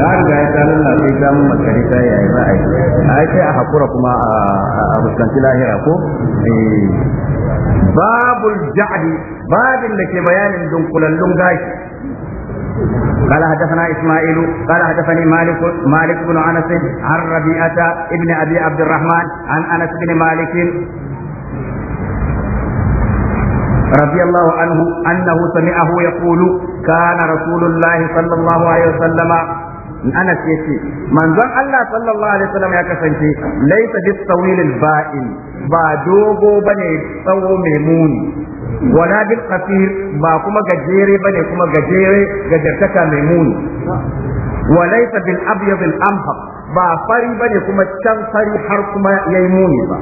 ya riga ya ta nuna sai ta mun makare ta yayi ba ai ai sai a hakura kuma a fuskanci lahira ko babul ja'di babin da ke bayanin dunkulallun gashi قال حدثنا اسماعيل قال حدثني مالك مالك بن انس عن ربيعه ابن ابي عبد الرحمن عن انس بن مالك رضي الله عنه أنه سمعه يقول كان رسول الله صلى الله عليه وسلم Anas ya ce manzon Allah sallallahu alaihi wasallam ya kasance laisa bis tawilil ba'in ba dogo bane tsawo mai muni wala bil qasir ba kuma gajere bane kuma gajere gajartaka mai muni walaisa bil abyad al amhar ba fari bane kuma can fari har kuma yayi muni ba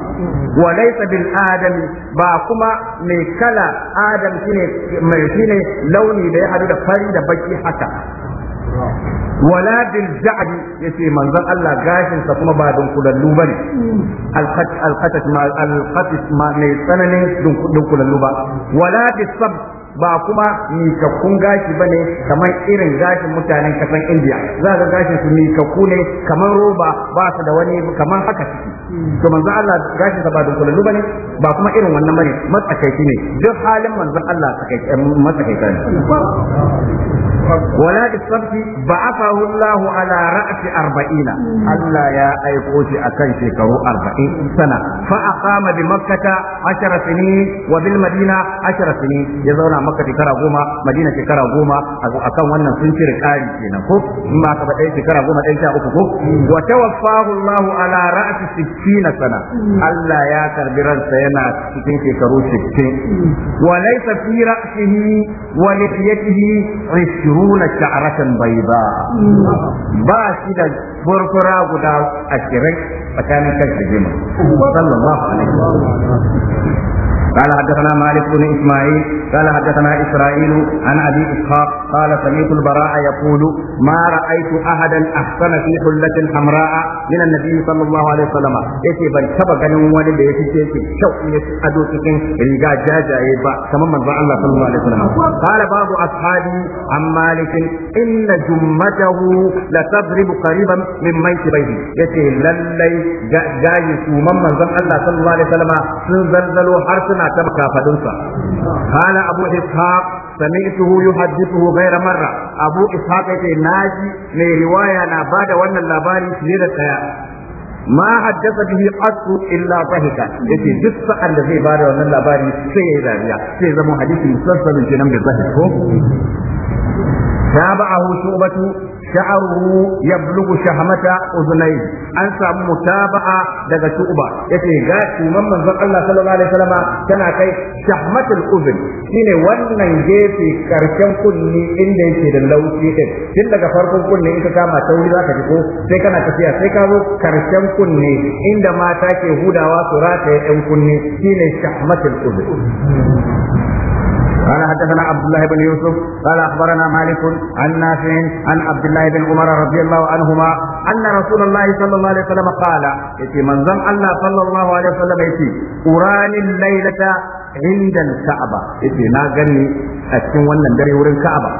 walaisa bil adam ba kuma mai kala adam shine mai shine launi da ya hadu da fari da baki haka wala bil ja'di yace manzon Allah gashin sa kuma ba don kulallu bane al-khatat al ma al ma mai tsananin don kulallu ba wala bis sabt ba kuma mikakkun gashi ba ne kamar irin gashin mutanen kasan indiya za ga gashin su mikakku ne kamar roba ba su da wani kamar haka ciki to manzon Allah gashin sa ba dunkulallu ba ne ba kuma irin wannan bane matsakaici ne duk halin manzon Allah eh, matsakaita ne ولا بالصبت بعثه الله على رأس أربعين ألا يا أيقوش أكن شكرو أربعين سنة فأقام بمكة عشر سنين وبالمدينة عشر سنين يزون maka shekara goma madina shekara goma kan wannan sun cire kari kenan ko in ma ka faɗa shekara goma ɗaya sha uku ko wa tawaffahu Allah ala ra'si sittina sana Allah ya karbi ransa yana cikin shekaru 60 wa laysa fi ra'sihi wa lihiyatihi 20 sha'ratan bayda ba shi da furfura guda 20 tsakanin kan da jima sallallahu alaihi wa sallam قال حدثنا مالك بن اسماعيل قال حدثنا اسرائيل عن ابي اسحاق قال سمعت البراء يقول ما رايت احدا احسن في حله حمراء من النبي صلى الله عليه وسلم yace ban taba ganin wani da ya fice shi kyau ya ado cikin riga jajaye ba kamar manzon Allah sallallahu alaihi wasallam قال بعض اصحابي عن مالك ان جمته لتضرب قريبا من ميت بيته yace lallai jayi su manzon Allah sallallahu alaihi wasallam sun zalzalo harsuna. a taba kafadunsa kana abu ishaq سمعته يحدثه غير مرة أبو إسحاق ناجي من رواية نابادة وأن اللاباري سيدة ما حدث به قط إلا ضحكا يتي جس أن ذي باري وأن اللاباري سيدة سيدة محدث مسلسل جنم بضحك تابعه شعبة sha'aruhu yablugu shahmata uzunai an samu mutaba'a daga shu'ba yace ga tuman manzon Allah sallallahu alaihi wasallam tana kai shahmatul uzun shine wannan gefe karshen kunni inda yake da laushi din tun daga farkon kunni in ka kama tauri zaka ji ko sai kana tafiya sai ka zo karshen kunni inda mata ke hudawa su rataye yan kunni shine shahmatul uzun قال حدثنا عبد الله بن يوسف قال اخبرنا مالك عن نافع عن عبد الله بن عمر رضي الله عنهما ان رسول الله صلى الله عليه وسلم قال يتي من زم الله صلى الله عليه وسلم يتي قراني الليله عند الكعبه يتي نا غني اكن wannan dare wurin Ka'aba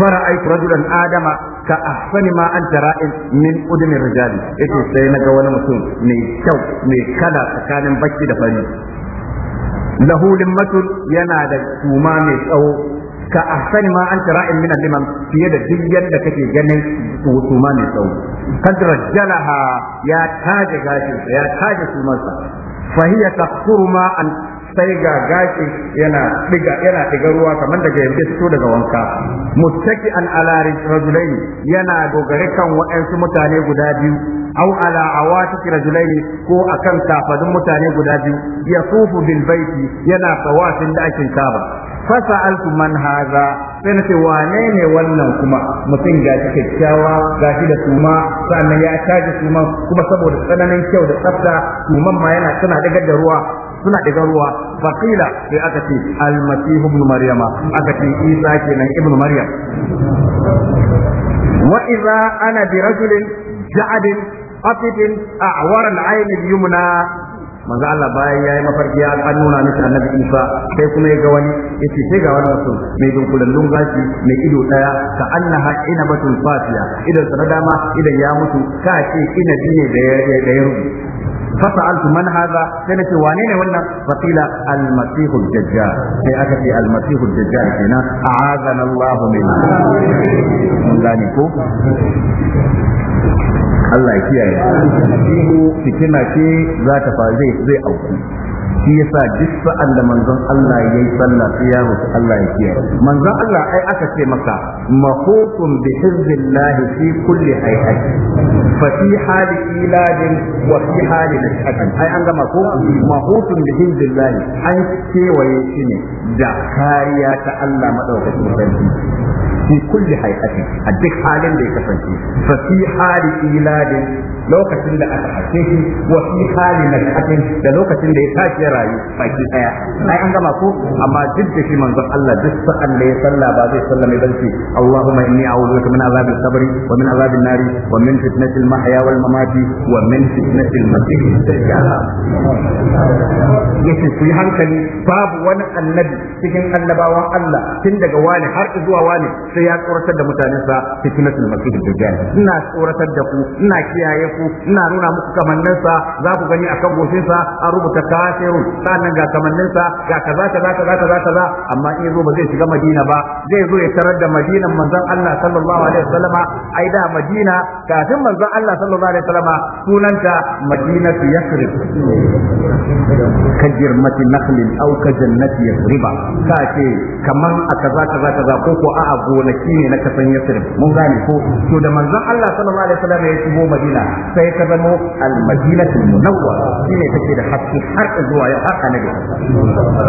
فرأيت رجلا آدم ka ahsani ma an tara'in min udumin rijali yace sai naga wani mutum mai kyau mai kala tsakanin baki da fari lahu limmatun yana da suma mai tsawo ka ahsani ma an tira'in min liman fiye da duk yadda take ganin tuma mai tsawo kad rajjalaha ya taje gashin ya taje tumarsa fa hiya taqsuru sai ga gashi yana diga yana diga ruwa kamar daga yanzu fito daga wanka mustaki an ala rajulaini yana dogare kan waɗansu mutane guda biyu au ala awati rajulaini ko akan tafadin mutane guda biyu ya yasufu bil baiti yana tawafin ake kaba fasa'altu man hadha sai na ce wane ne wannan kuma mutum ga shi kyakkyawa ga shi da tuma sannan ya caji tuma kuma saboda tsananin kyau da tsafta tuman ma yana tana daga da ruwa suna ɗiga ruwa faƙila sai aka ce almasihu ibn maryama aka ce isa kenan ibn maryam wa idza ana bi rajulin ja'adin afidin a'war al-ayn al-yumna manzo Allah bayan yayi mafarki ya an nuna miki annabi Isa sai kuma ya ga wani yace sai ga wani mutum mai dunkulan gashi mai ido daya ka annaha inabatun fatiya idan suna dama idan ya mutu ka ce inabi ne da ya da ya rubu فسألت من هذا wannan. وانين ولا فقيل المسيح الدجال في أكد المسيح الدجال هنا أعاذنا الله منه من ذلك Allah kiyaye ko fitina ce za ta fa zai zai auku shi yasa duk sa'an da manzon Allah ya yi sallah sai ya roki Allah ya kiyaye manzon Allah ai aka ce maka mahutun bi hizbillahi fi kulli hay'at fa fi hali iladin wa fi hali nashatin ai an gama ko mahutun bi hizbillahi an kewaye shi ne da kariya ta Allah madaukakin sarki fi kulli hay'atin a duk halin da ya kasance fa fi hali iladin lokacin da aka haife shi wa fi halin da kafin da lokacin da ya tashi ya rayu baki daya ai an gama ko amma duk da shi manzon Allah duk sa'an da ya salla ba zai salla mai barci Allahumma inni a'udhu bika min azabi sabr wa min azabi an-nar wa min fitnati al-mahya wal mamat wa min fitnati al-masih ad-dajjal yace ku hankali babu wani annabi cikin annabawan Allah tun daga wani har zuwa wani sai ya tsoratar da mutanensa fitnatul masih ad-dajjal ina tsoratar da ku ina kiyaye ku ina nuna muku kamanninsa za ku gani akan goshin sa an rubuta kafirun sannan ga kamanninsa ga kaza kaza kaza kaza kaza amma in zo ba zai shiga Madina ba zai zo ya tarar da Madinan manzon Allah sallallahu alaihi wasallama ai da Madina kafin manzon Allah sallallahu alaihi wasallama sunanta Madinatu Yathrib ka girmati nakhlin aw ka jannati Yathriba ka ce kaman a kaza kaza kaza ko ko a gonaki ne na kasan Yathrib mun gane ko to da manzon Allah sallallahu alaihi wasallama ya shigo Madina sai ta zamo almadinatul munawwar shine take da haske har zuwa yau haka annabi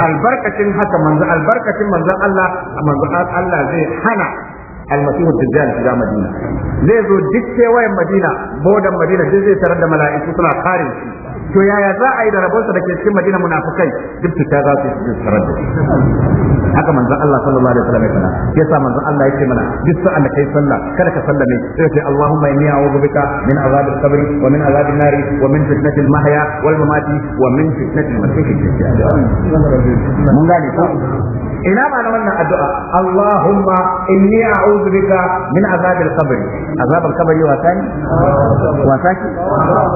albarkacin haka manzo albarkacin manzo Allah manzo Allah zai hana almasihu dajjal shiga madina zai zo duk kewayen madina bodan madina duk zai tarar da mala'iku suna kare shi to yaya za a yi da rabonsa da ke cikin madina munafukai duk ta za su yi tsarar da haka manzon Allah sallallahu alaihi wasallam ya fada yasa manzon Allah yake mana duk sa'an da kai sallah kada ka sallame sai ce Allahumma inni a'udhu bika min azabil qabri wa min azabil nari wa min fitnatil mahya wal mamati wa min fitnatil masiih ad mun gane ko ina ma na wannan addu'a Allahumma inni a'udhu bika min azabil qabri azaban kabari wasa ne wasa ce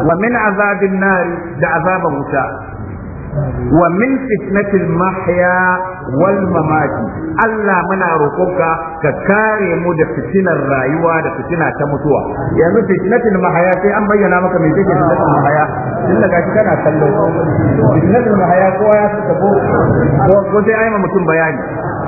wa min azabin nari da azaban wuta wa min fitnatil mahya wal mamati Allah muna roƙonka ka kare mu da fitinar rayuwa da fitina ta mutuwa yanzu fitnatil mahya sai an bayyana maka me take fitnatil mahya tun daga kana kallo fitnatil mahya kowa ya saka ko ko sai ai mutum bayani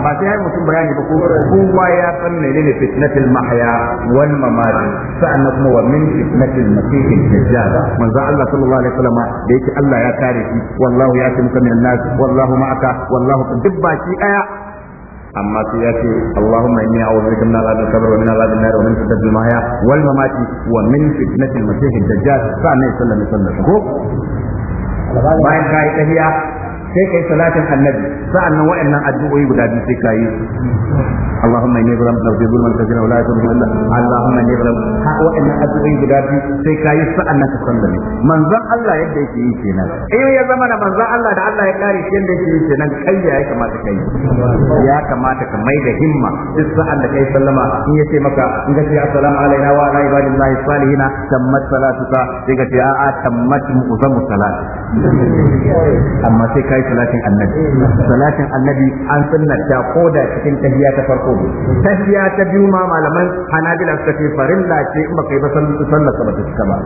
ba sai ya mutum bayani ba ko kowa ya san menene fitnatul mahya wal mamat sa'annan kuma wa min fitnatul masih dajjal manzo Allah sallallahu alaihi wasallam da yake Allah ya kare shi wallahu ya tumka minan nas wallahu ma'aka wallahu duk baki daya amma sai ya ce Allahumma inni a'udhu bika min al'adab al-qabr wa min al'adab an-nar wa min fitnatil mahya wal mamat wa min fitnatil masih dajjal sa'annan sallallahu alaihi wasallam ko bayan kai tahiya sai kai salatin annabi sa'annan wa'annan addu'o'i guda biyu sai kai Allahumma inni zalamtu nafsi zulman kathira wa la yaghfiru illa Allahumma inni zalamtu wa'annan addu'o'i guda biyu sai kai sa'annan ka sallame manzon Allah yadda yake yi kenan eh ya zama da manzon Allah da Allah ya kare shi yadda yake yi kenan kai ya kamata kai ya kamata ka mai da himma duk sa'an da kai sallama in yace maka in ka ce assalamu alaina wa ala ibadillahi salihina tammat sai ka ce a'a amma salatin annabi salatin annabi an sunnata ko da cikin tahiyya ta farko ne tahiyya ta biyu ma malaman hanabila suka ce farilla ce in baka yi ba sallar ba ta cika ba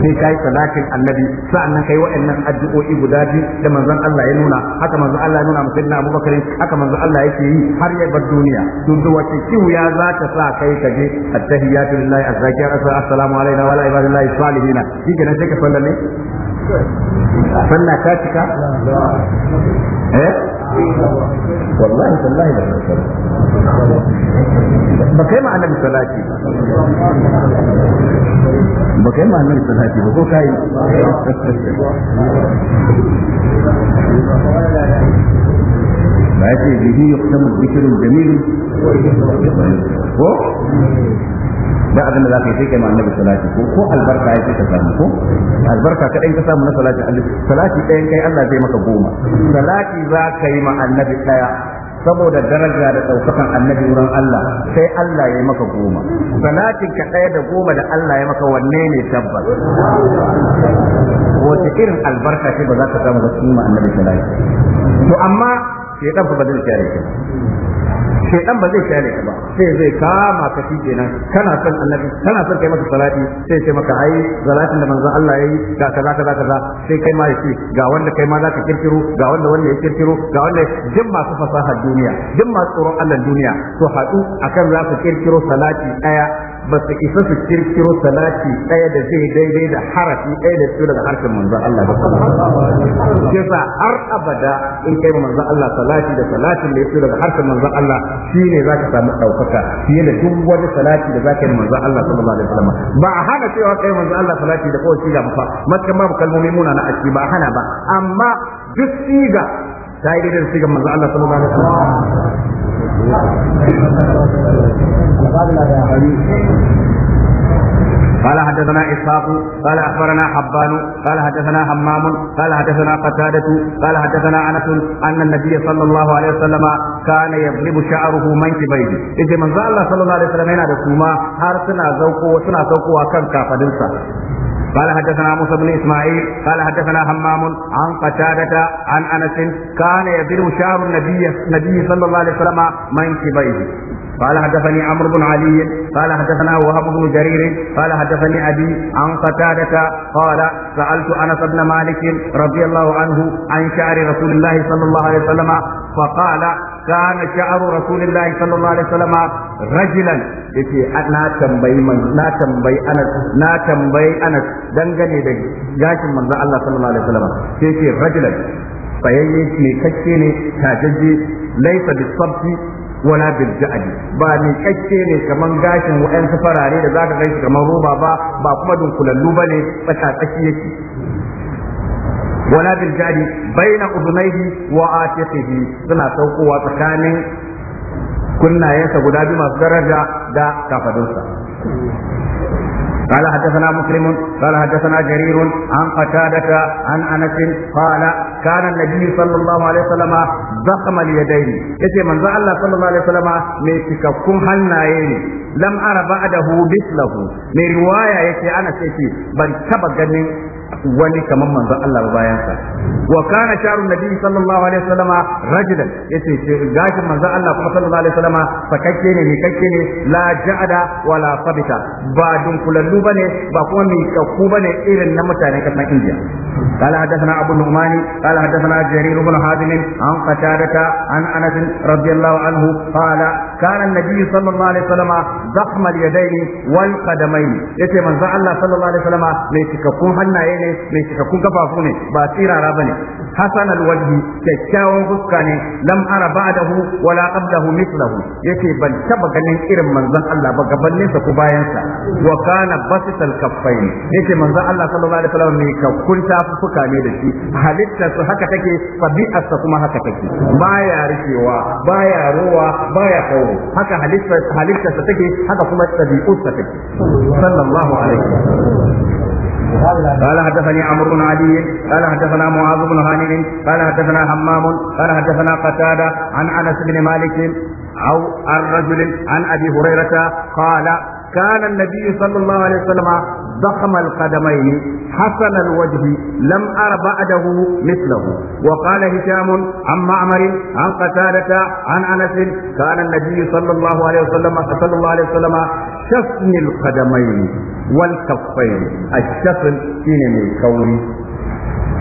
sai kai salatin annabi sa'annan kai wa'annan addu'o'i guda biyu da manzon Allah ya nuna haka manzon Allah ya nuna mu sayyidina Abubakar haka manzon Allah yake yi har ya bar duniya duk wace kiwuya za ta sa kai ka je at-tahiyyatu lillahi az-zakiyatu assalamu alayna wa ala ibadillahi salihin kike nan sai ka sallame sunna ta cika eh ba kai ma annabi salati ba ko kai ba yake bihi yuqtamu dhikrun jamil ko da abin da zaka yi sai kai ma annabi salati ko ko albarka yake ta samu ko albarka kadan ka samu na salati annabi salati ɗayan kai Allah zai maka goma salati za ka yi ma annabi ɗaya saboda daraja da ɗaukakan annabi wurin Allah sai Allah ya maka goma salatin ka ɗaya da goma da Allah ya maka wanne ne tabbas wace irin albarka ce ba za ka samu ba su ma annabi salati to amma sai ɗan fa ba zai kyare shaitan ba zai kyale ka ba sai zai kama ka shi kenan kana son annabi kana son kai masa salati sai ce maka ai salatin da manzon Allah yayi ga kaza kaza kaza sai kai ma yace ga wanda kai ma zaka kirkiro ga wanda wanda ya kirkiro ga wanda duk masu fasaha duniya duk masu tsoron Allah duniya to haɗu akan za su kirkiro salati daya ba su isa su kirkiro salati ɗaya da zai daidai da harafi ɗaya da su daga harshen manzon Allah ba shi yasa har abada in kai ma manzon Allah salati da salatin da ya fito daga harshen manzon Allah shine zaka samu ɗaukaka fiye da duk wani salati da zaka yi manzon Allah sallallahu alaihi wasallam ba a hana cewa kai manzon Allah salati da kowace siga ba matakan babu kalmomi muna na aski ba a hana ba amma duk siga ta yi daidai da sigan manzo Allah sallallahu alaihi wasallam قال حدثنا إسحاق قال أخبرنا حبان قال حدثنا حمام قال حدثنا قتادة قال حدثنا أنس أن النبي صلى الله عليه وسلم كان يضرب شعره منكبيه إذا من الله صلى الله عليه وسلم هنا بسوما هارسنا زوقه وسنا زوقه وكم كافدنسا قال حدثنا موسى بن اسماعيل قال حدثنا همام عن قتادة عن انس كان يضرب شعر النبي النبي صلى الله عليه وسلم منكبيه قال حدثني عمرو بن علي قال حدثنا وهب بن جرير قال حدثني ابي عن قتادة قال سالت انس بن مالك رضي الله عنه عن شعر رسول الله صلى الله عليه وسلم فقال كان شعر رسول الله صلى الله عليه وسلم رجلا yace na tambayi na tambayi anas na tambayi anas dangane da gashin manzo Allah sallallahu alaihi wasallam sai ce rajulan fayayye ne kacce ne tajajje laysa bisabti wala bil ja'di ba ni kacce ne kaman gashin wayan farare da zaka gaisu kaman roba ba ba kuma dunkulallu bane tsaka tsaki yake wala bil jari baina udunaihi wa atiqihi suna saukowa tsakanin kunnayensa guda biyu masu daraja da kafadunsa قال حدثنا مسلم قال حدثنا جرير عن قتادة عن أنس قال كان النبي صلى الله عليه وسلم ضخم اليدين يتي من الله صلى الله عليه وسلم ميتككم هنائين لم أرى بعده مثله من رواية يتي أنا سيتي بل تبقى wani kaman manzon Allah ba bayan sa wa kana sharu nabi sallallahu alaihi wasallama rajulan yace gashin manzon Allah kuma sallallahu alaihi wasallama sakakke ne mikakke ne la ja'ada wala sabita ba dunkulallu bane ba kuma mikakku bane irin na mutanen kasan India قال حدثنا ابو النعمان قال حدثنا جرير بن حازم عن قتادة عن انس رضي الله عنه قال كان النبي صلى الله عليه وسلم ضخم اليدين والقدمين يتي من الله صلى الله عليه وسلم ليتكفون هنائي kai ne mai cikakkun kafafu ne ba tsirara ne hasan alwaji kyakkyawan fuska ne lam ara hu wala hu ya yake ban taba ganin irin manzon Allah ba gabanin sa ko bayan sa wa kana basital kaffain yake manzon Allah sallallahu alaihi wasallam ne kakkun tafuka ne da shi halitta su haka take sa kuma haka take baya rikewa baya rowa baya kawo haka halitta halitta take haka kuma tabi'arsa take sallallahu alaihi wasallam قال حدثني عمرو بن علي قال حدثنا معاذ بن هانئ قال حدثنا همام قال حدثنا قتادة عن أنس بن مالك أو عن رجل عن أبي هريرة قال كان النبي صلى الله عليه وسلم ضخم القدمين حسن الوجه لم أر بعده مثله وقال هشام عن معمر عن قتادة عن أنس كان النبي صلى الله عليه وسلم صلى الله عليه وسلم شفن القدمين والكفين الشفن شيني من كوري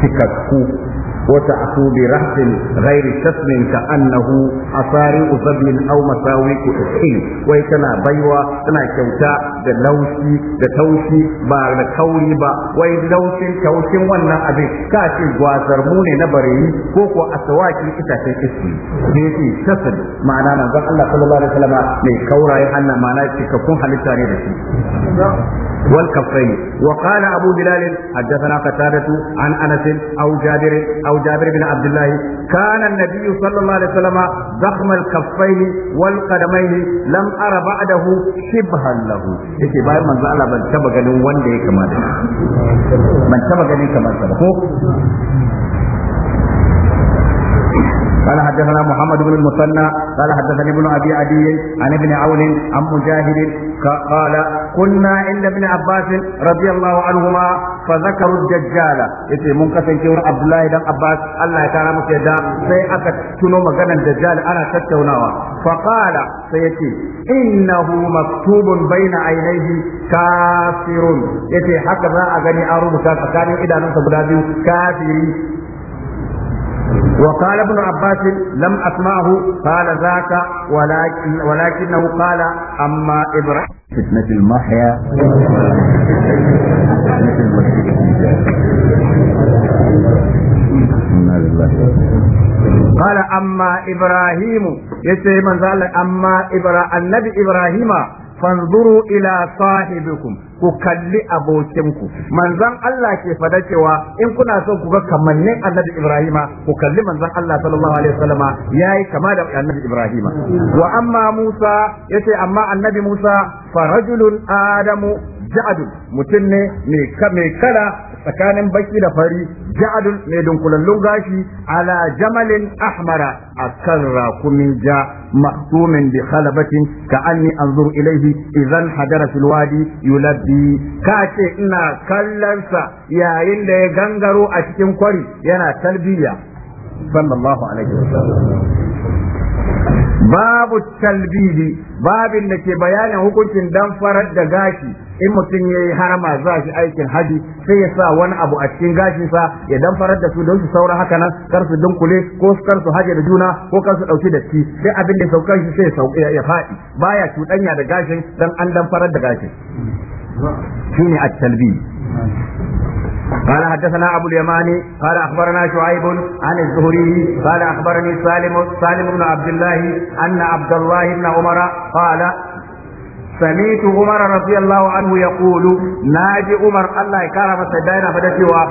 تككو Wata وتعفو برهط غير شسم كأنه أصارع زبل أو مساوي wai tana baiwa tana kyauta da laushi da taushi ba da kauri ba wai laushin taushin wannan abin ka ce gwazar mu ne na bareyi ko ko asawakin itacen iski ne ce tasali ma'ana manzon Allah sallallahu alaihi wasallam ne kaurayen Allah ma'ana cikakkun halitta da shi wal kafai wa qala abu bilal haddathana qatadatu an anas au jabir au رواه جابر بن عبد الله كان النبي صلى الله عليه وسلم ضخم الكفين والقدمين لم أرى بعده شبها له yake bayan manzo Allah ban taba ganin wanda ya kama da ban taba ganin kamar sa ba ko قال حدثنا محمد بن المثنى قال حدثني ابن ابي عدي عن ابن عون عن مجاهد قال كنا عند ابن عباس رضي الله عنهما فذكروا الدجال يتي من كسن كور عبد الله بن عباس الله تعالى مسيدا سي اكا تنو مغانا الدجال انا تتوناوا فقال سيتي انه مكتوب بين عينيه كافر يتي هكذا اغني اربطا فكان اذا نصب كافري وقال ابن عباس لم أسمعه قال ذاك ولكن ولكنه قال أما إبراهيم فتنة المحيا قال أما إبراهيم يسير من قال أما إبرا النبي إبراهيم fanzuru ila sahibikum ku kalli abokinku manzon Allah ke fada cewa in kuna son ku ga kamannin annabi Ibrahima ku kalli manzon Allah sallallahu alaihi wasallama yayi kama da annabi Ibrahima wa amma Musa yace amma annabi Musa fa rajulun adamu ja'adun mutum ne mai kala tsakanin baki da fari ja'adun mai dunkulallun gashi ala jamalin ahmara kan rakumin ja mahtumin bi khalabatin ka anni anzuru ilaihi idan hadara fil wadi yulabbi ka ce ina kallonsa yayin da ya gangaro a cikin kwari yana talbiya sallallahu alaihi wasallam babu talbidi babin da ke bayanin hukuncin dan farar da gashi in mutum ya yi harama za shi aikin haji sai ya sa wani abu a cikin gashinsa ya dan farar da su don su saura haka nan kar su dunkule ko kar su haje da juna ko kar su dauki da ci sai abin da saukar shi sai ya faɗi baya cuɗanya da gashin dan an dan farar da gashin shine at-talbidi قال حدثنا ابو اليماني قال اخبرنا شعيب عن الزهري قال اخبرني سالم سالم بن عبد الله ان عبد الله بن عمر قال سمعت عمر رضي الله عنه يقول ناجي عمر الله يكرم سداينا فدتوا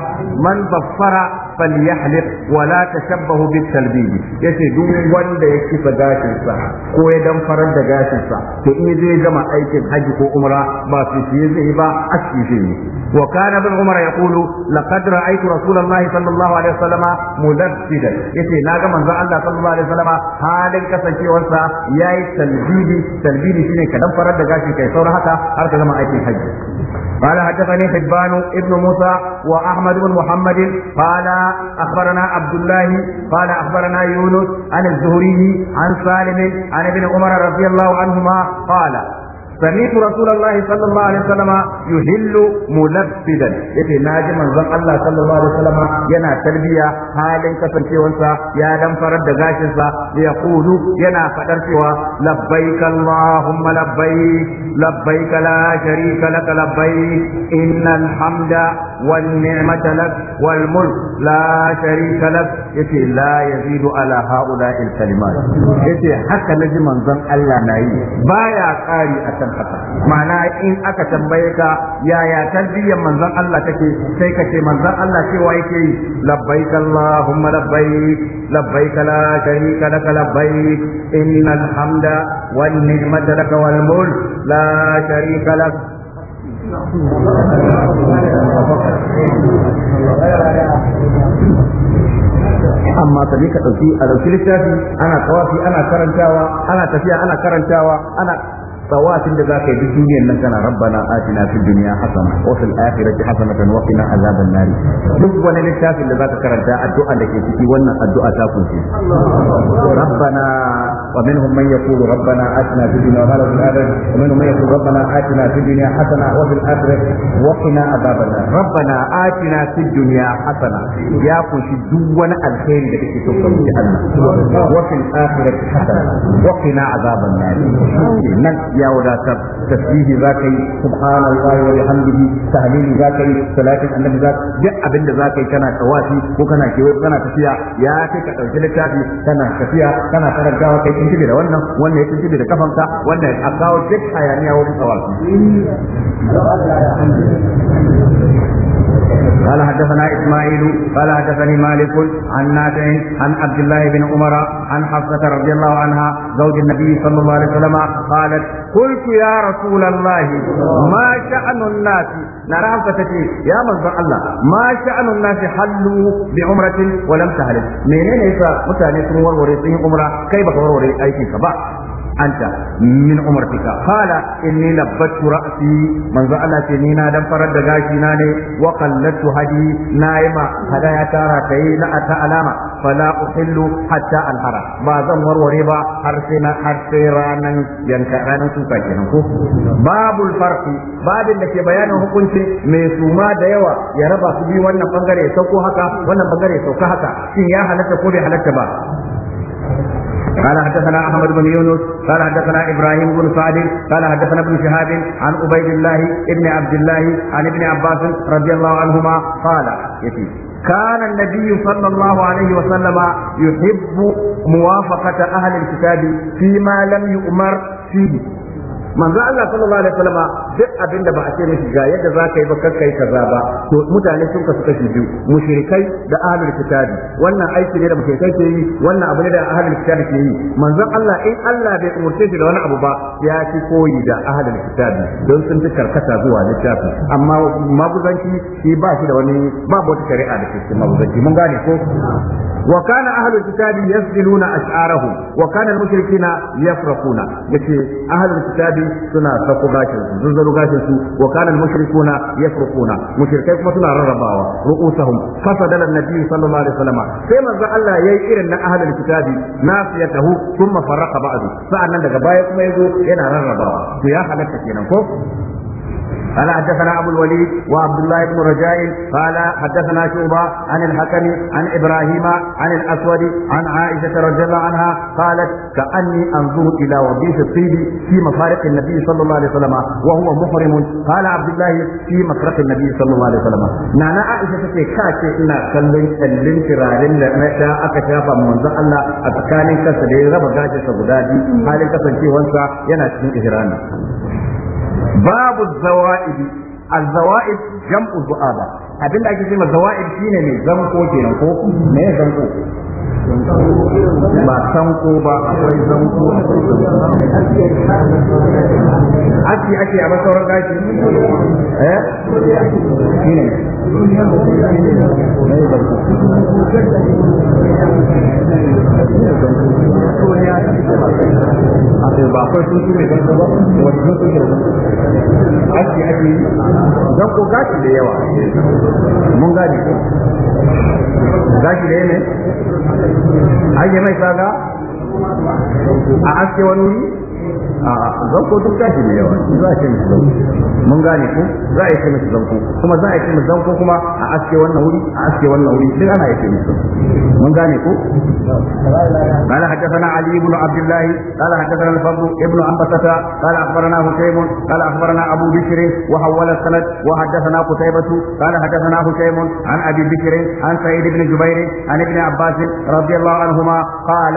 من ظفر falyahliq wala tashabbahu bitalbib yace duk wanda ya kisa gashinsa, ko ya dan da gashinsa, sa to in zai gama aikin haji ko umra ba su shi zai ba aski shi ne wa kana bin umar yaqulu laqad ra'aytu rasulullahi sallallahu alaihi wasallama mudaffida yace na ga manzon Allah sallallahu alaihi wasallama halin kasancewar sa yayi talbibi talbibi shine ka dan farar tashi kai sauran haka har ka zama aikin hajji قال حدثني حبان ابن موسى واحمد بن محمد قال اخبرنا عبد الله قال اخبرنا يونس عن الزهري عن سالم عن ابن عمر رضي الله عنهما قال سمعت رسول الله صلى الله عليه وسلم يهل ملبدا يتي ناجي من زن الله صلى الله عليه وسلم ينا تلبية حالا كفنتيونسا يا دم فرد غاشنسا يقول ينا فدر سوى لبيك اللهم لبيك لبيك لا شريك لك لبيك إن الحمد والنعمة لك والملك لا شريك لك يتي لا يزيد على هؤلاء الكلمات يتي حتى نجي من زن الله نعي بايا قاري أتى akan haka ma'ana in aka tambaye ka yaya tarbiyyar manzon Allah take sai ka ce manzon Allah cewa yake yi labbaik allahumma labbaik labbaik la sharika lak labbaik innal hamda wan ni'mata lak wal mulk la sharika lak amma ka ne ka ɗauki a ɗauki littafi ana tsawafi ana karantawa ana tafiya ana karantawa ana tsawafin da za ka yi duk duniyar nan kana rabbana atina fid dunya hasana wa fil akhirati hasanatan wa qina azaban nar duk wani littafin da za karanta addu'a da ke ciki wannan addu'a ta kunshi rabbana wa minhum man yaqulu rabbana atina fid dunya wa fil akhirati wa minhum man yaqulu rabbana atina fid dunya hasana wa fil akhirati wa qina azaban nar rabbana atina fid dunya hasana ya kunshi duk wani alheri da kake so ka yi Allah wa fil akhirati hasana wa qina azaban nar nan ya wadatar tasbihi za yi subhanallahi wa bihamdihi tahlili za yi salati annabi za duk abinda za yi kana tawafi ko kana kewa kana tafiya ya kai ka dauki littafi kana tafiya kana karantawa kai kin tibi da wannan wannan ya tibi da kafanka wannan ya kawo duk hayaniya wurin tawafi قال حدثنا إسماعيل قال حدثني مالك عن نافع عن عبد الله بن عمر عن حفصة رضي الله عنها زوج النبي صلى الله عليه وسلم قالت قلت يا رسول الله ما شأن الناس نرى حفصة يا مصدر الله ما شأن الناس حلوا بعمرة ولم تهلك منين يسا متى نسمو وروري عمرة كيف وروري أي كبا anta min umartika qala inni labbattu ra'si manzo Allah ce ni na dan farar da gashi na ne wa qallatu hadi naima hadaya tara kai na ata alama fala uhillu hatta alhara ba zan warware ba har sai na har sai ranan yanka ranan suka kenan ko babul farqi babin da ke bayanin hukunci mai suma da yawa ya raba su biyu wannan bangare ya sauko haka wannan bangare ya sauka haka shin ya halarta ko bai halarta ba قال حدثنا احمد بن يونس قال حدثنا ابراهيم بن سعد قال حدثنا ابن شهاب عن عبيد الله ابن عبد الله عن ابن عباس رضي الله عنهما قال يتيم كان النبي صلى الله عليه وسلم يحب موافقة أهل الكتاب فيما لم يؤمر فيه manzo Allah sallallahu alaihi wasallam duk abinda ba a ce mishi ga yadda za ka yi ba kai kaza ba to mutane sun kasu kashi biyu mushrikai da ahlul kitabi wannan aiki ne da mushrikai ke yi wannan abu ne da ahlul kitabi ke yi manzon Allah in Allah bai umurce shi da wani abu ba ya ci koyi da ahlul kitabi don sun fi karkata zuwa littafi amma maguzanci shi ba shi da wani babu wata shari'a da ke cikin maguzanci mun gane ko wa kana ahlul kitabi yasdiluna ash'arahum wa kana al-mushrikina yafraquna yace ahlul suna sako gashin su zunzaro gashin su wa kana al yafruquna mushrikai kuma suna rarrabawa ru'usahum fasadala an-nabi sallallahu alaihi wasallam sai manzo Allah yayi irin na ahlul kitabi nasiyatahu thumma farraqa ba'du sa'annan daga baya kuma yazo yana rarrabawa to ya halatta kenan ko قال حدثنا ابو الوليد وعبد الله بن رجاء قال حدثنا شعبة عن الحكم عن ابراهيم عن الاسود عن عائشة رضي الله عنها قالت كأني انظر الى وضيح الطيب في مفارق النبي صلى الله عليه وسلم وهو محرم قال عبد الله في مفرق النبي صلى الله عليه وسلم نانا عائشة تكي كاكي انا كلن كلن كرارين لأنشا اكشافا منذ الله اتكالي كسر رب غاشة سبدادي حالي كسر شيء وانسا ينا cikin ihrami babu zawa'id al-zawa'id jam'u du'aba abinda ake cewa zawa'id shine ne zanko kenan ko me zanko ba sanko ba akwai zanko aski ake a masauran gashi eh shine ne akwai sun ne ake ko gashi da yawa mun gane gashi da yanayi mai saga a aske wani wuri a'a zanko duk tashi mai yawa za a ce mishi zanko mun gane ku za a ce mishi zanko kuma za a ce mishi zanko kuma a aske wannan wuri a aske wannan wuri duk ana ce mishi mun gane ku قال حدثنا علي بن عبد الله قال حدثنا الفرد ابن أنبسة قال أخبرنا هشيم قال أخبرنا أبو بكر وحول السند وحدثنا قتيبة قال حدثنا هشيم عن أبي بكر عن سعيد بن جبير عن ابن عباس رضي الله عنهما قال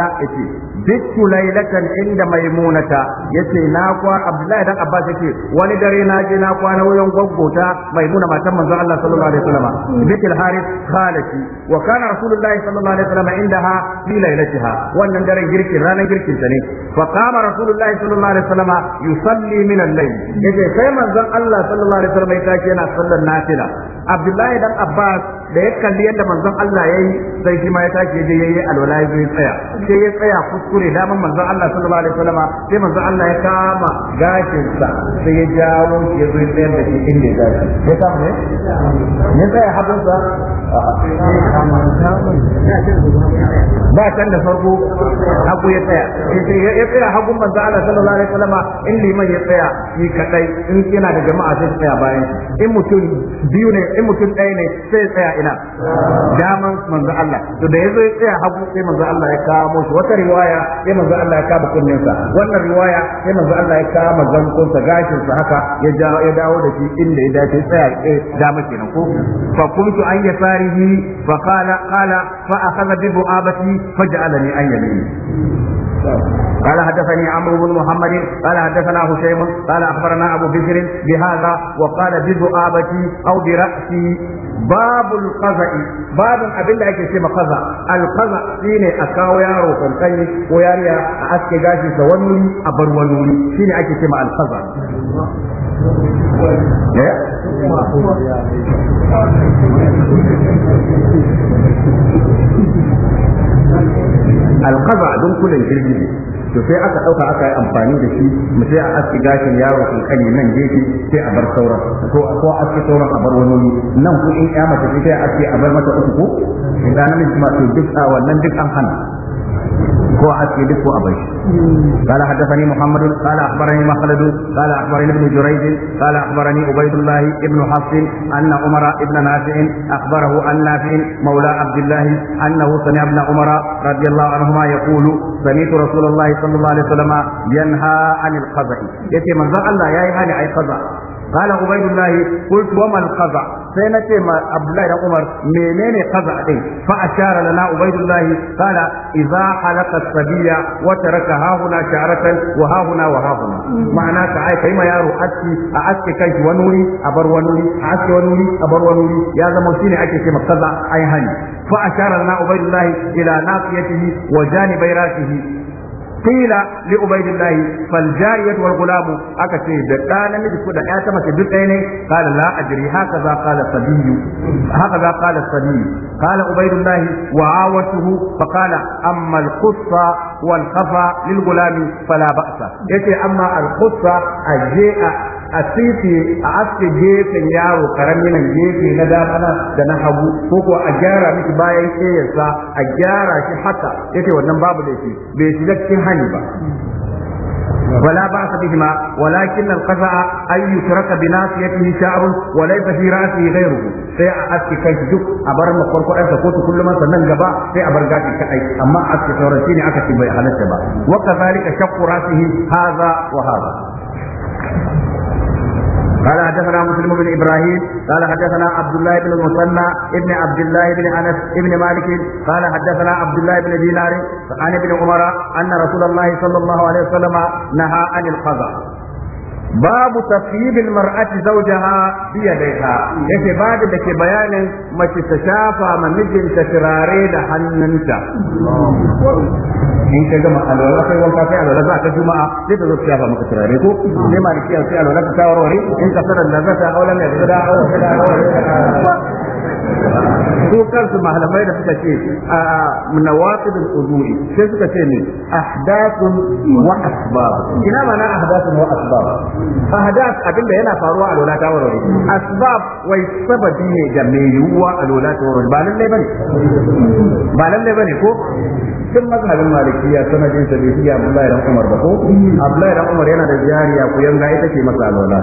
بت ليلة عند ميمونة yace na kwa Abdullahi dan Abbas yace wani dare na je na kwana wurin mai maimuna matan manzon Allah sallallahu alaihi wasallam bikil harith khalati wa kana rasulullahi sallallahu alaihi wasallam indaha fi lailatiha wannan daren girkin ranar girkin ta ne fa qama rasulullahi sallallahu alaihi wasallam yusalli min al-layl yace sai manzon Allah sallallahu alaihi wasallam ya tashi yana sallar nafila Abdullahi dan Abbas da ya kalli yadda manzon Allah ya yi sai shi ma ya tashi ya je yayi alwala ya tsaya sai ya tsaya kuskure daman manzon Allah sallallahu alaihi wasallam sai manzon Allah Allah ya kama gashinsa sai ya jawo shi zai tsayar da shi inda ya gashi ya kama ne ya tsaya haɓinsa ba can da farko hagu ya tsaya ya tsaya hagun manzo Allah sallallahu alaihi wasallam in liman ya tsaya ni kadai in yana da jama'a sai tsaya bayan in mutum biyu ne in mutum ɗaya ne sai tsaya ina daman manzo Allah to da yazo ya tsaya hagu sai manzo Allah ya kamo shi wata riwaya sai manzo Allah ya kama kunninsa wannan riwaya sai manzo Allah ya kama zankon sa gashin sa haka ya ya dawo da shi inda ya dace tsaya ke eh, da dama kenan ko fa kuntu an ya yasarihi fa qala qala fa akhadha bi bu'abati ja'alani an yamini قال حدثني عمرو بن محمد قال حدثنا هشيم قال اخبرنا ابو بكر بهذا وقال بذؤابتي او براسي babul qaza'i babin da ake ce ma qaza al shine a kawo yaro kankani ko yariya a aske gashi sa wani a bar wani shine ake ce ma al alqaba don kudan jirgi ne to sai aka ɗauka aka yi amfani da shi mu sai a aski gashin yaro kan kanye nan gefe sai a bar sauran ko ko aski sauran a bar wani nan ku in ya mace sai a aski a bar mata uku ko in namiji ma to duk a wannan duk an hana ko a ce duk ko a bai قال حدثني محمد قال اخبرني مخلد قال اخبرني ابن جريج قال اخبرني عبيد الله بن حفص ان عمر بن نافع اخبره عن نافع مولى عبد الله انه سمع ابن عمر رضي الله عنهما يقول سمعت رسول الله صلى الله عليه وسلم ينهى عن القضاء يتي من الله يا يعني قضاء قال عبيد الله قلت وما القضاء sai na ce ma Abdullahi dan Umar menene kaza din fa ashara lana Ubaidullah qala idza halaka sabiya wa taraka hahuna sha'ratan wa hahuna wa hahuna ma'ana ka ai kai ma yaro aski a aski kai wani wuri a bar wani wuri a aski wani wuri a bar wani wuri ya zama shine ake ce kaza ai hani fa ashara lana Ubaidullah ila nafiyatihi wajani janibai rasihi qila li ubaydillah fal jariyatu wal gulam aka ce da ɗa namiji ko da ya ta mace duk ɗaya ne qala la ajri haka za qala sabiyyu haka za qala sabiyyu qala ubaydillah wa awatuhu fa qala amma al qussa wal khafa lil gulam fala ba'sa ce amma al qussa ajaa a titi a aske gefen yaro karamin nan gefe na dafana da na hagu ko a gyara miki bayan keyarsa a gyara shi haka yace wannan babu da shi bai shiga cikin hani ba ولا بأس بهما ولكن القفاء أن ta بناصيته شعر وليس في رأسه غيره sai a aske kai shi duk a bar ma farko ɗansa ko su kullum sannan gaba sai a bar gashi ka ai amma a aske sauran ne aka ce bai halatta ba wa kazalika shaqqu rasihi hadha wa hadha قال حدثنا مسلم بن ابراهيم قال حدثنا عبد الله بن المثنى ابن عبد الله بن انس ابن مالك قال حدثنا عبد الله بن دينار عن ابن عمر ان رسول الله صلى الله عليه وسلم نهى عن القضاء babu tafyibil mar'ati zawjaha bi yadayha yake babu da ke bayanin mace ta shafa ma mijinta turare da hannunta in ka gama alwala kai wanka kai alwala za ka juma'a sai ta zo shafa maka turare ko sai alwala su kansu malamai da suka ce a munawaqidul uzuri sai suka ce ne ahdathun wa asbab ina mana ahdathun wa asbab ahdath abinda yana faruwa a lola ta warware asbab wai sababi ne da me yiwuwa a lola ta warware ba lalle bane ba lalle bane ko sun mazhabin malikiya sanadin sabihiya Abdullahi dan Umar ba ko Abdullahi dan Umar yana da jariya ku yanga ita ce masa lola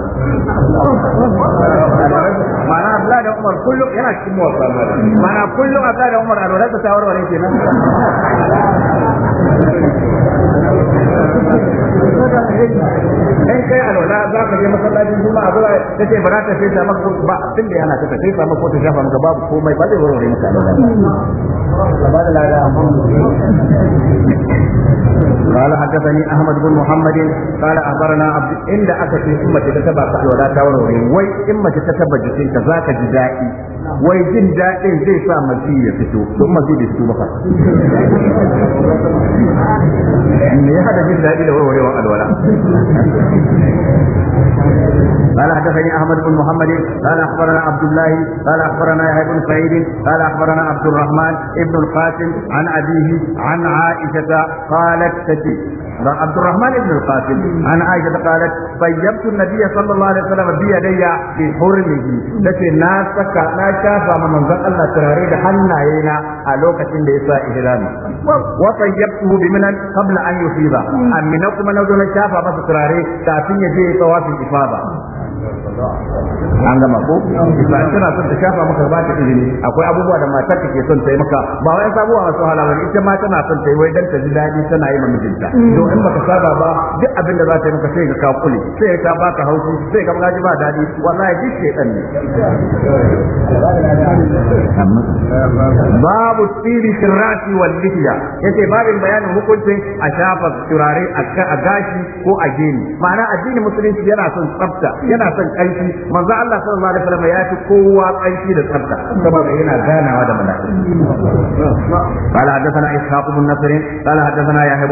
kullum yana cikin mawasa mana kullum a kada umar a lura da shawarwari kenan in kai alwala za ka je masallacin a zuwa ta ce ba za ta fesa maka ba tun da yana ta ta maka ko ta shafa maka babu komai ba zai warware maka alwala ba قال حدثني احمد بن محمد قال اخبرنا عبد ان اكثر امه تتبع الولاء تاور وي امه تتبع جسمك ذاك جدائي wai jin daɗin zai sa masi ya fito don masi da fito baka me ya hada jin daɗi da warwarewa alwala قال حدثني احمد بن محمد قال اخبرنا عبد الله قال اخبرنا يحيى بن سعيد قال اخبرنا عبد الرحمن ابن القاسم عن ابيه عن عائشه قالت تتي عبد الرحمن بن القاسم عن عائشه قالت طيبت النبي صلى الله عليه وسلم بيدي بحرمه التي ناسك na shafa ma manzon Allah turare da hannayena a lokacin da yasa ihrami wa tayyibtu bi minan qabla an yufiza amma kuma na zo na shafa masa turare kafin ya je tawafin ifada an gama ko ba kana son ta shafa maka ba ta izini akwai abubuwa da matar ke son ta yi maka ba wai sabuwa masu wahala ba ita ma tana son ta yi wai dan ta ji dadi tana yi ma mijinta mm. to in baka saba ba duk abin da za ta yi maka sai ka ka kule sai ka baka haushi sai ka ji ba daɗi wallahi duk shedan ne babu tsiri kirati wal lihiya yace babin bayanin hukuncin a shafa turare a gashi ko a gini ma'ana addinin musulunci yana son tsafta yana son kanki manzo Allah sallallahu alaihi wasallam ya ce kowa kanki da tsarta saboda yana ganawa da mala'iku qala hadathana ishaq ibn nasr qala hadathana yahya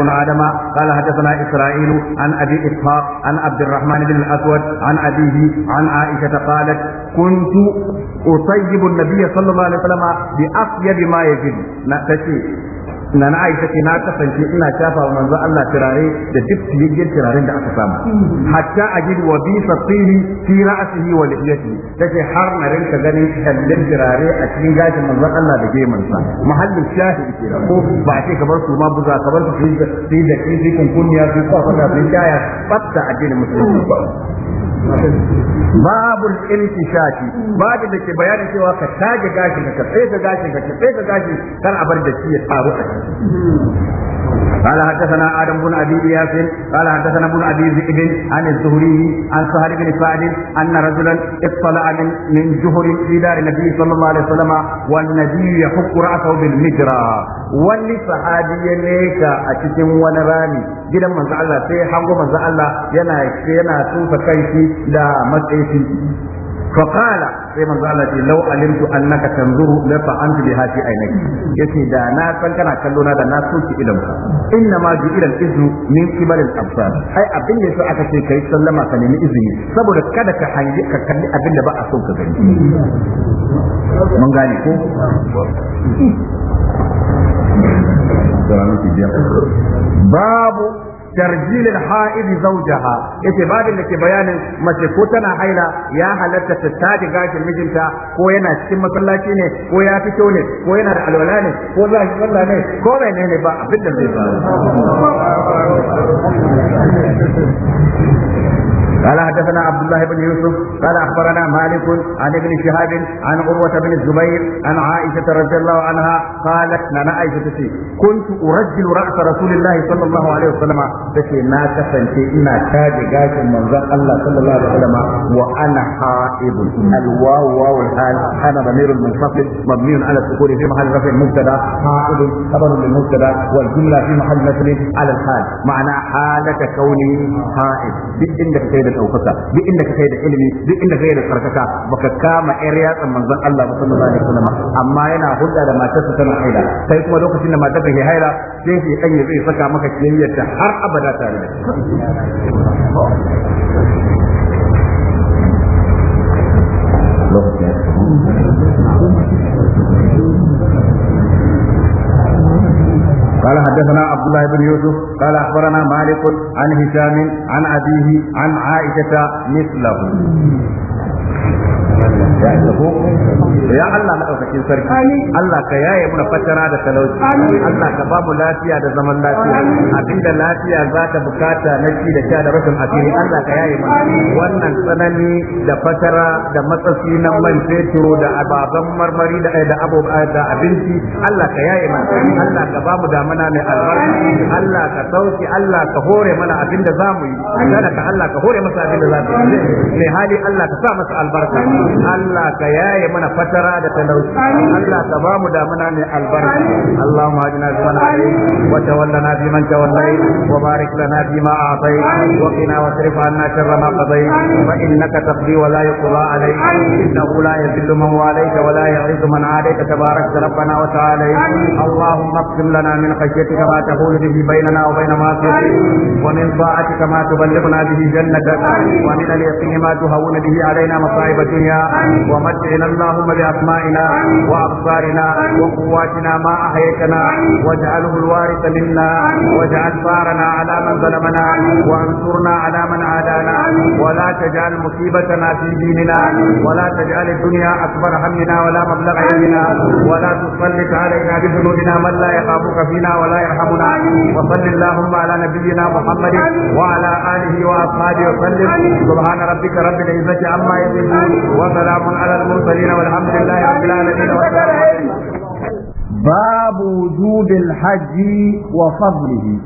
an abi ishaq an abd الرحمن بن الأسود عن أبيه عن عائشة قالت كنت أطيب النبي صلى nana aisha ce na kasance ina shafa wa manzo Allah turare da duk yayyen turaren da aka samu hatta ajid wa bi satihi fi ra'sihi wa lihiyatihi take har na rinka ganin kallin turare a cikin gashin manzo Allah da geman sa muhallin shahidi ke ko ba ce kamar su ma buza kamar su fi da fi kunkunya fi kwafa da fi shaya fatta addinin musulmi babul intishati babu da ke bayanin cewa ka tage gashi ka ka gashi, ga ka ka tsaye kar a bar da shi ya faru a قال حدثنا ادم بن ابي اياس قال حدثنا ابن ابي ذئب عن الزهري عن سهل بن سعد ان رجلا اطلع من من جهر في دار النبي صلى الله عليه وسلم والنبي يحك راسه بالمجرى wani sahabi ne ka a cikin wani rami gidan manzo Allah sai hango manzo Allah yana yana tsufa kanshi da matsayi فقال sai manzo Allah ce law alimtu annaka tanzuru la fa'antu biha fi da na kallo na da na soki ilim ka inna aka ce kai sallama ka nemi izini saboda kada ka kalli ba so ka babu tarjil al-ha'id zawjaha yace babin da ke bayanin mace ko tana haina ya halatta ta taji gashin mijinta ko yana cikin masallaci ne ko ya fito ne ko yana da alwala ne ko za shi sallah ne ko ne ne ba abin da zai قال حدثنا عبد الله بن يوسف قال اخبرنا مالك عن ابن شهاب عن عروه بن الزبير عن عائشه رضي الله عنها قالت لنا عائشه تسي كنت ارجل راس رسول الله صلى الله عليه وسلم تسي ما كسنتي انا تاج غاش منزل الله صلى الله عليه وسلم وانا حائض الواو واو الحال انا ضمير منفصل مبني على السكون في محل رفع مبتدا حائض خبر للمبتدا والجمله في محل مثل على الحال معنى حاله كوني حائض بالدنيا ɗaukaka duk inda ka kai da ilimi duk inda yi da tsarkaka baka kama ƴar yatsan manzon Allah ba sallallahu alaihi wasallam amma yana hulɗa da matarsa tana haila kai kuma lokacin da matar ke haila sai shi ɗan ya zai saka maka kiyayyar ta har abada tare da قال حدثنا عبد الله بن يوسف قال اخبرنا مالك عن هشام عن ابيه عن عائشه مثله ya isa ko ya Allah sarki Allah ka yaye muna fatara da talauci Allah ka ba mu lafiya da zaman lafiya lafiya za ta bukata na ci da sha da rufin asiri Allah ka yaye wannan tsanani da fatara da na man fetur da ababen marmari da da da abinci Allah ka yaye Allah ka ba mu damana mai albarka Allah ka sauki Allah ka hore mana za mu yi kada ka Allah ka hore masa za mu yi hali Allah ka sa masa albarka Allah ka yaye mana fatara da talauci Allah ka ba mu damuna mai albarka Allahumma ajina fi man hadayt wa tawalla na fi man tawallayt wa barik lana fi ma atai wa qina wa wasrif anna sharra ma qadai fa innaka taqdi wa la yuqda alayk innahu la yadhillu man walayta wa la yu'izzu man adayta tabarak rabbana wa ta'ala Allahumma qim lana min khashyatika اقسم لنا من خشيتك ما تحول به wa min معصيتك ma tuballighuna ما تبلغنا wa min al-yaqini ma tuhawuna به alaina مصائب الدنيا أحييتنا ومتعنا اللهم بأسمائنا وأبصارنا وقواتنا ما أحييتنا واجعله الوارث منا واجعل ثارنا على من ظلمنا وانصرنا على من عادانا ولا تجعل مصيبتنا في ديننا ولا تجعل الدنيا أكبر همنا ولا مبلغ علمنا ولا تسلط علينا بذنوبنا من لا يخافك فينا ولا يرحمنا وصل اللهم على نبينا محمد وعلى آله وأصحابه وسلم سبحان ربك رب العزة عما يصفون وسلام على المرسلين والحمد لله رب العالمين باب وجوب الحج وفضله